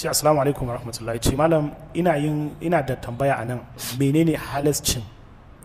ce assalamu alaikum wa rahmatullahi ce malam ina yin ina da tambaya a nan menene halascin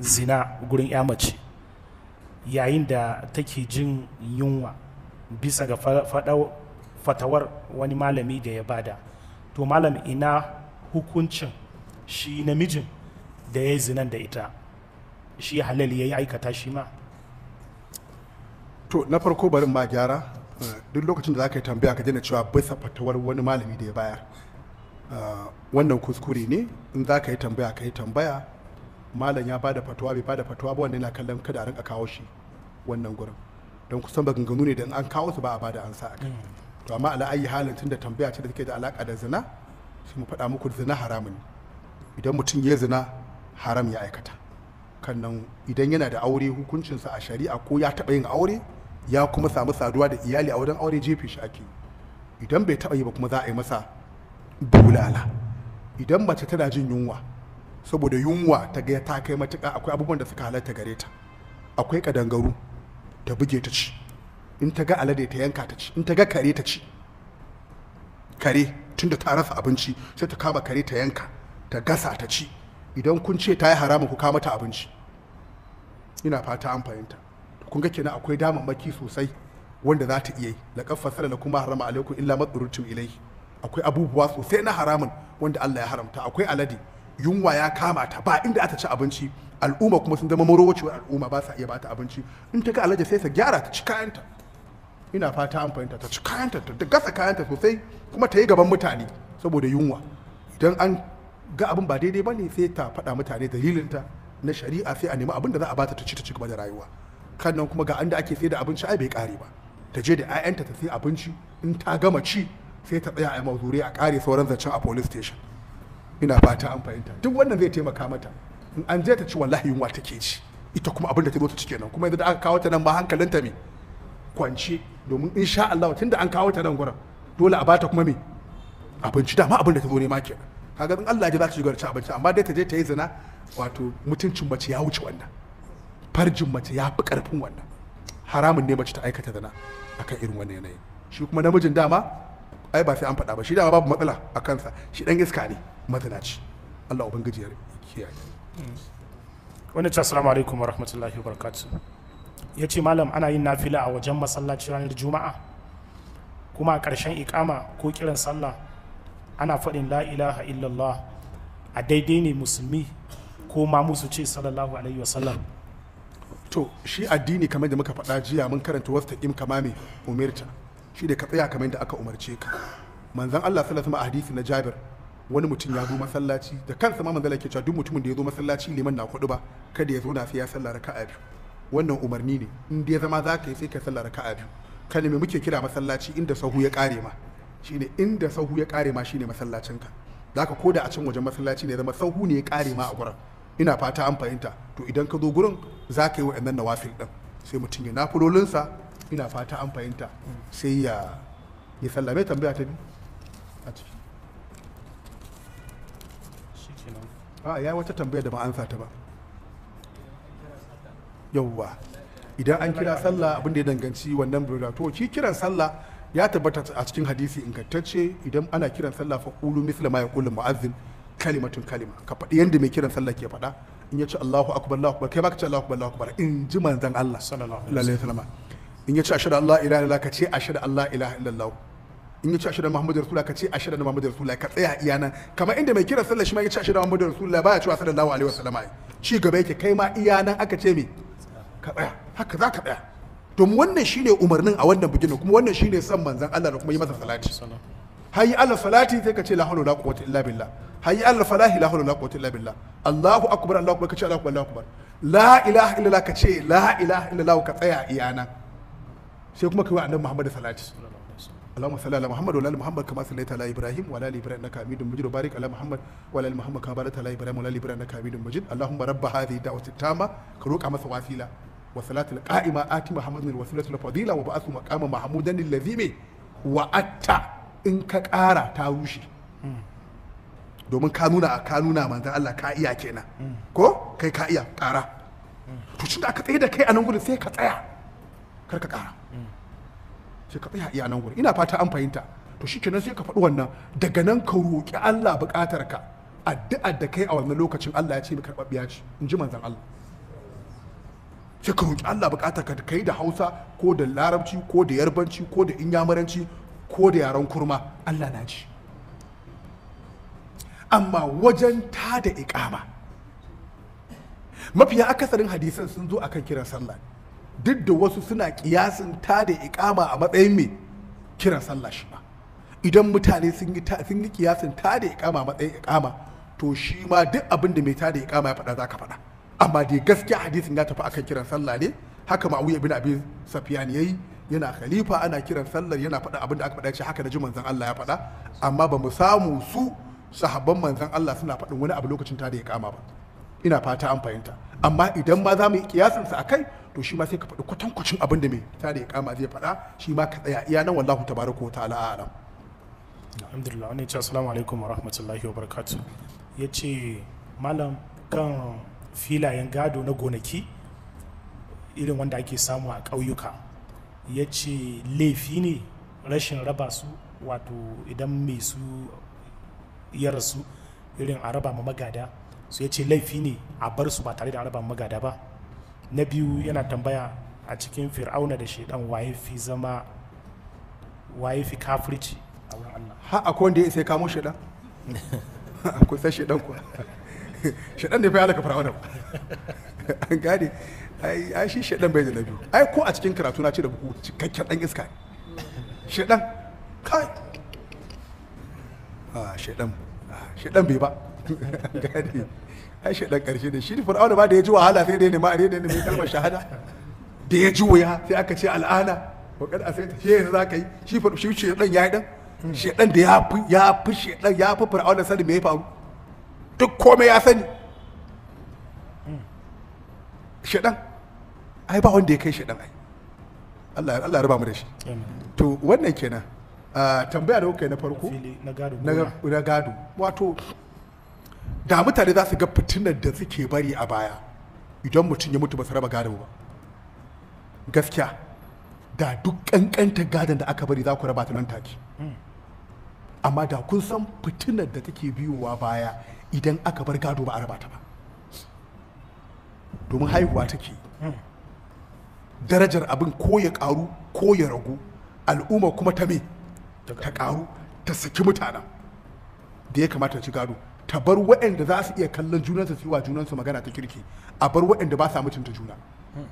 zina gurin ya mace yayin da take jin yunwa bisa ga fatawar wani malami da ya bada to malam ina hukuncin shi namijin da ya yi zinan da ita shi halal ya yi aikata shi ma to na farko barin ma gyara duk lokacin da za ka yi tambaya ka daina cewa bisa fatawar wani malami da ya bayar ah, wannan kuskure ne in za ka yi tambaya ka yi tambaya malam ya bada fatawa bai bada fatawa ba wanda yana kallon kada a rinka kawo shi wannan gurin don kusan ganganu ne da an kawo su ba a bada ansa a hmm. to amma ala ayi halin tunda tambaya ce da take da alaka da zina sai mu faɗa muku zina haramun idan mutum ya zina haram ya aikata kan nan idan yana da aure hukuncinsa a shari'a ko ya taɓa yin aure ya kuma samu saduwa da iyali a wajen aure jefe shi ake idan bai taɓa yi ba kuma za a yi masa bulala idan mace tana jin yunwa saboda yunwa ta ga ta kai matuƙa akwai abubuwan da suka halarta gare ta akwai kadangaru ta buge ta ci in ta ga alade ta yanka ta ci in ta ga kare ta ci kare tunda ta rasa abinci sai ta kama kare ta yanka ta gasa ta ci idan kun ce ta yi haramun ku kama ta abinci ina fata an fahimta kun ga kenan akwai damammaki sosai wanda za ta iya yi laqad fasala lakum kuma harama alaikum illa ma ilai akwai abubuwa sosai na haramun wanda Allah ya haramta akwai alade yunwa ya kama ta ba inda ata ci abinci al'umma kuma sun zama marowacewar al'umma ba sa iya bata abinci in ta ga alade sai ta gyara ta ci kayanta ina fata an fahimta ta ci kayanta ta gasa kayanta sosai kuma ta yi gaban mutane saboda yunwa idan an ga abin ba daidai ba ne sai ta faɗa mutane dalilinta na shari'a sai a nemi abin da za a ba ta ci ta ci gaba da rayuwa Kannan kuma ga an da ake sai da abinci ai bai kare ba ta je da 'ya'yanta ta sai abinci in ta gama ci sai ta tsaya a mazuri a kare sauran zancen a police station ina fata an fahimta duk wannan zai taimaka mata in an je ta ci wallahi yunwa take ci ita kuma abin da ta zo ta ci kenan kuma yanzu da aka kawo ta nan ba hankalinta me kwance domin insha Allah tunda an kawo ta nan gurin dole a bata kuma me abinci dama abin da ta zo ne kenan kaga in Allah ya ji za ta shigar ci abinci amma dai ta je ta yi zina wato mutuncin mace ya wuce wannan farjin mace ya fi ƙarfin wannan haramun ne mace ta aikata da na akan irin wannan yanayin shi kuma namijin dama ai ba sai an faɗa ba shi dama babu matsala a kansa shi ɗan iska ne mazinaci Allah ubangiji ya kiyaye wani ce assalamu alaikum warahmatullahi wabarakatuh ya ce malam ana yin nafila a wajen masallaci ranar juma'a kuma a ƙarshen ikama ko kiran sallah ana faɗin la ilaha illallah a daidai ne musulmi ko ma musu ce sallallahu alaihi sallam. to shi addini kamar da muka faɗa jiya mun karanta wasu taƙim kama mai umarta shi da ka tsaya kamar da aka umarce ka manzan Allah sallallahu alaihi hadisi na Jabir wani mutum ya zo masallaci da kansa ma manzala ke cewa duk mutumin da ya zo masallaci liman na kuɗu ba kada ya zo na sai ya sallah raka'a biyu wannan umarni ne in ya zama za ka yi sai ka sallah raka'a biyu kana me muke kira masallaci inda sahu ya kare ma shine inda sahu ya kare ma shine masallacinka zaka koda a can wajen masallaci ne zama sahu ne ya kare ma a gurin ina fata an fahimta to idan ka zo gurin za ka yi wa'annan nawafil ɗin sai mutum ya nafulolinsa ina fata an fahimta sai ya ya sallame tambaya ta biyu a ya wata tambaya da ba an ta ba yauwa idan an kira sallah abin da ya danganci wannan burda to ki kiran sallah ya tabbata a cikin hadisi ingantacce idan ana kiran sallah fa ulu misla ma yaqulu mu'azzin kalimatun kalima ka faɗi yadda mai kiran sallah ke faɗa in ya ce Allahu akbar Allahu akbar kai baka ce Allahu akbar Allahu akbar in ji manzon Allah sallallahu alaihi wasallam in ya ce ashhadu an la ilaha illallah ka ce ashhadu an la ilaha illallah in ya ce ashhadu muhammadu rasulullah ka ce ashhadu muhammadu rasulullah ka tsaya iya nan kamar inda mai kira sallah shi ma ya ce ashhadu muhammadu rasulullah baya cewa sallallahu alaihi wasallam ai ci gaba yake kai ma iya nan aka ce me ka tsaya haka za ka tsaya domin wannan shine umarnin a wannan bugin kuma wannan shine son manzon Allah da kuma yi masa salati hayya ala salati sai ka ce la hawla wala quwwata illa billah hayya ala falahi la hawla wala quwwata illa billah Allahu akbar Allahu akbar ka ce Allahu akbar Allahu akbar la ilaha illallah ka ce la ilaha illallah ka tsaya iyana sai kuma kai wa annabi Muhammad salati اللهم صل على محمد وعلى ال محمد كما صليت على ابراهيم وعلى ال ابراهيم انك حميد مجيد وبارك على محمد وعلى ال محمد كما باركت على ابراهيم وعلى ال ابراهيم انك حميد مجيد اللهم رب هذه الدعوه التامه كروك امس واسيله وصلاه القائمه اتي محمد الوسيله الفضيله وبعث مقام محمودا الذي واتى in ka ƙara ta rushe domin ka nuna a ka nuna manzan Allah ka iya kenan ko kai ka iya ƙara to shi da aka tsaye da kai a nan gudun sai ka tsaya kar ka ƙara sai ka tsaya iya nan gudun ina fata an fahimta to shi kenan sai ka faɗi wannan daga nan ka roƙi Allah buƙatar ka addu'ar da kai a wannan lokacin Allah ya ce mai biya ce in ji manzan Allah sai ka roƙi Allah buƙatar ka kai da Hausa ko da Larabci ko da Yarbanci ko da Inyamuranci ko da yaren kurma allah na ji amma wajen ta da ikama mafiya akasarin hadisan sun zo akan kiran sallah duk da wasu suna kiyasin ta da ikama a matsayin mai kiran sallah shi ba idan mutane sun yi kiyasin ta da ikama a matsayin ikama to shi ma duk abin da mai ta da ikama ya faɗa za ka faɗa amma dai gaskiya hadisin ya tafi akan kiran sallah ne haka ma'awiyar bin abin safiya ne ya yi yana khalifa ana kiran sallar yana faɗa abin da aka faɗa shi haka da ji manzon Allah ya faɗa amma ba mu samu su sahabban manzon Allah suna faɗin wani abu lokacin ta ya kama ba ina fata an fahimta amma idan ma za mu yi kiyasin sa akai to shi ma sai ka faɗi kwatankwacin abin da mai ta da ya kama zai faɗa shi ma ka tsaya iya nan wallahu tabaraka wa ta'ala a'lam alhamdulillah wani ce assalamu alaikum wa rahmatullahi wa barakatuh ya ce malam kan filayen gado na gonaki irin wanda ake samu a ƙauyuka ya ce laifi ne rashin raba su wato idan mai su ya rasu irin a raba ma magada su ya ce laifi ne a bar su ba tare da raba magada ba na biyu yana tambaya a cikin fir'auna da shaidan waye fi zama waye fi kafirci a wurin Allah ha akwai wanda ya sai kamo shaidan akwai sai shaidan kuwa shaidan ne ya fi halaka fir'auna an gane ai ai shi shedan bai da na biyu ai ko a cikin karatu na ce da buku cikakken dan iska shedan kai a ah, shedan ah, shedan bai ba gani ai shedan karshe da shi fir'auna ba da ya ji wahala sai dai ne ma ne ne mai kalmar shahada da ya ji wuya sai aka ce al'ana wakar a sai ta ce yanzu za ka yi shi shi shedan ya yi dan shedan da ya fi ya fi shedan ya fi fir'auna sani me ya faru duk komai ya sani shedan ai ba wanda ya kai shi dan ai Allah Allah raba mu da shi to wannan kenan ah, tambaya da kuka yi na farko na gado wato da mutane za su ga fitinar da suke bari a baya idan mutum ya mutu ba su raba gado ba gaskiya da duk kankanta gadon da aka bari za ku raba ta nan take hmm. amma da kun san fitinar da take biyowa baya idan aka bar gado ba a raba ta ba domin haihuwa take yi darajar abin ko ya karu ko ya ragu al'umma kuma ta me ta karu ta saki mutanen da ya kamata ci gado ta bar waɗanda za su iya kallon junansu su wa junansu magana ta kirki a bar waɗanda ba sa mutunta juna hmm.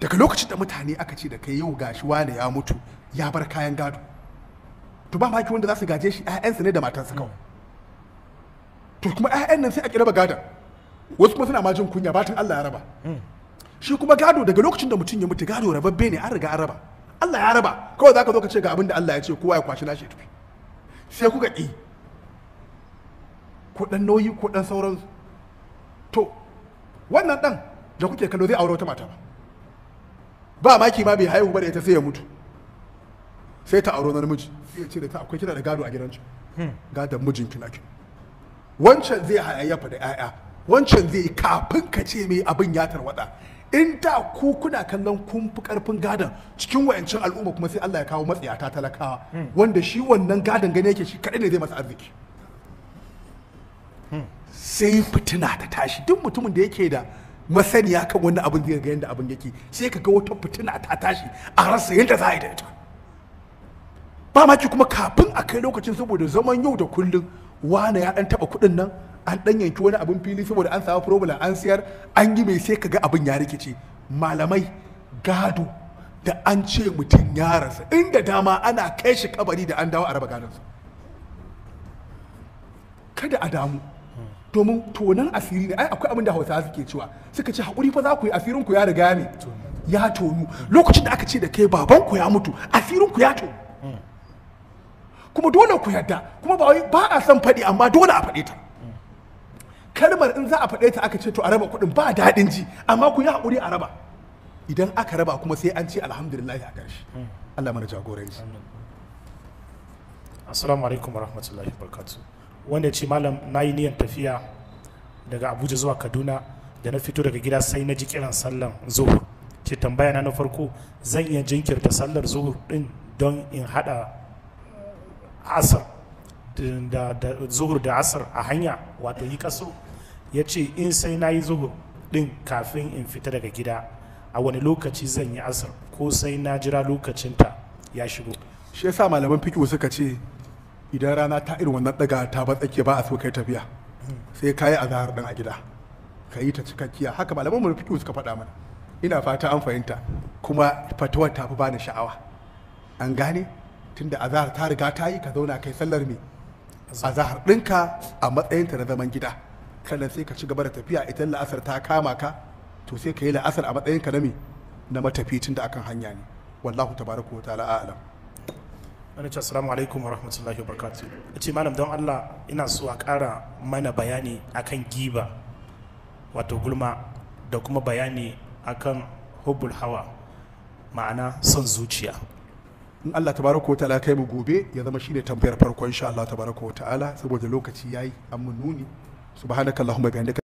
daga lokacin da mutane aka ce da kai yau gashi wane ya mutu ya bar kayan gado to ba maki wanda za su gaje shi 'ya'yansa ne da matansa kawai hmm. to kuma ƴaƴan nan sai a ƙi gadan wasu kuma suna ma jin kunya batun Allah ya raba hmm. shi kuma gado daga lokacin da mutum ya mutu gado rababbe ne an riga an raba Allah ya raba kawai zaka zo ka ce ga abin da Allah ya ce kowa ya kwashi nashi tafi sai kuka ƙi ko dan nauyi ko dan sauran to wannan dan da kuke kallo zai aure wata mata ba ba maki ma bai haihu ba da ita sai ya mutu sai ta aure miji. sai ya ce da ta akwai kira da gado a gidanci hmm. mijin ki naki wancan zai fa da 'ya'ya wancan zai kafin ka ce mai abin ya tarwada in da ku kuna kallon kun fi karfin gadon cikin wayancin al'umma kuma sai Allah ya kawo ta talakawa wanda shi wannan gadon gane yake shi kadai ne zai masa arziki hmm. sai fitina ta tashi duk mutumin da yake da masaniya kan wani abin zai ga yadda abin yake sai ka ga wata fitina ta tashi a rasa yadda za a yi da ita ba maki kuma kafin a kai lokacin saboda zaman yau da kullum wane ya ɗan taba kuɗin nan an dan yanki wani abin fili saboda an samu problem an siyar an yi mai sai kaga abin ya rikice malamai gado da an ce mutum ya rasa inda dama ana kai shi kabari da an dawo a raba gadonsa kada a damu domin tonan asiri ne ai akwai abin da hausawa suke cewa suka ce hakuri fa za ku yi asirin ku ya riga ne ya tonu lokacin da aka ce da kai baban ku ya mutu asirin ku ya tonu kuma dole ku yarda kuma ba a son faɗi amma dole a faɗi ta kalmar in za a faɗe ta aka ce to a raba kuɗin ba daɗin ji amma ku yi haƙuri a raba idan aka raba kuma sai an ce alhamdulillah a ƙarshe Allah mana jagoranci assalamu alaikum warahmatullahi barkatu wanda ce malam na yi niyan tafiya daga abuja zuwa kaduna da na fito daga gida sai na ji kiran sallan zuhur ce tambaya na na farko zan iya jinkirta sallar zuhur din don in haɗa eh, asar zuhur da asar a hanya wato yi kaso ya ce in sai na yi zuhur din kafin in fita daga gida a wani lokaci zan yi asar ko sai na jira lokacinta ya shigo shi yasa malaman fikihu suka ce idan rana ta irin wannan daga ta ba tsakiya ba a so kai tafiya sai ka yi azahar din a gida ka yi ta cikakkiya haka malaman mu fikihu suka faɗa mana ina fata an fahimta kuma fatuwar ta fi bani sha'awa an gane tunda azahar ta riga ta yi ka zauna kai sallar me a zahar ɗinka a matsayinta na zaman gida kada sai ka ci gaba da tafiya idan la'asar ta kama ka to sai ka yi la'asar a matsayinka na me na matafi tun da akan hanya ne wallahu tabaraka wa ta'ala a'lam wani ce assalamu alaikum wa rahmatullahi wa barakatuh ce malam don Allah ina so a ƙara mana bayani akan giba wato gulma da kuma bayani akan hubul hawa ma'ana son zuciya in Allah tabaraka wa ta'ala kai mu gobe ya zama shine tambayar farko insha Allah tabaraka wa ta'ala saboda lokaci yayi an mu nuni subhanakallahumma bihamdika